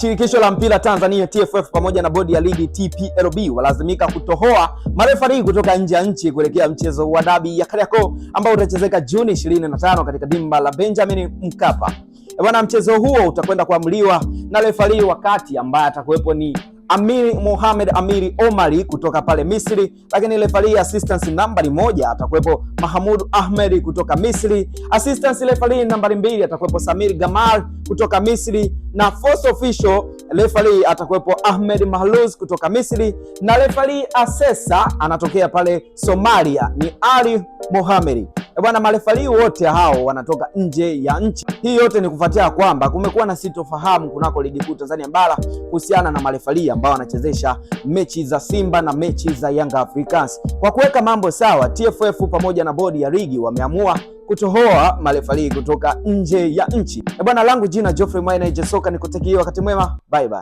Shirikisho la mpira Tanzania TFF pamoja na bodi ya ligi TPLB walazimika kutohoa marefari kutoka nje ya nchi kuelekea mchezo wa dabi ya Kariakoo ambao utachezeka Juni 25 katika dimba la Benjamin Mkapa. Bwana, mchezo huo utakwenda kuamliwa na refari wakati ambaye atakuwepo ni Amiri Mohamed Amiri Omari kutoka pale Misri, lakini referee assistance nambari moja atakuwepo Mahamud Ahmed kutoka Misri. Assistance referee nambari mbili atakuwepo Samir Gamal kutoka Misri, na force official referee atakuwepo Ahmed Mahlous kutoka Misri, na referee asesa anatokea pale Somalia ni Ali Mohamed. Eh, bwana, marefali wote hao wanatoka nje ya nchi. Hii yote ni kufuatia kwamba kumekuwa na sitofahamu kunako ligi kuu Tanzania bara kuhusiana na marefali ambao wanachezesha mechi za Simba na mechi za Young Africans. Kwa kuweka mambo sawa, TFF pamoja na bodi ya ligi wameamua kutohoa marefali kutoka nje ya nchi. Eh, bwana langu jina Geoffrey Mwaina, soka nikutakia wakati mwema, bye bye.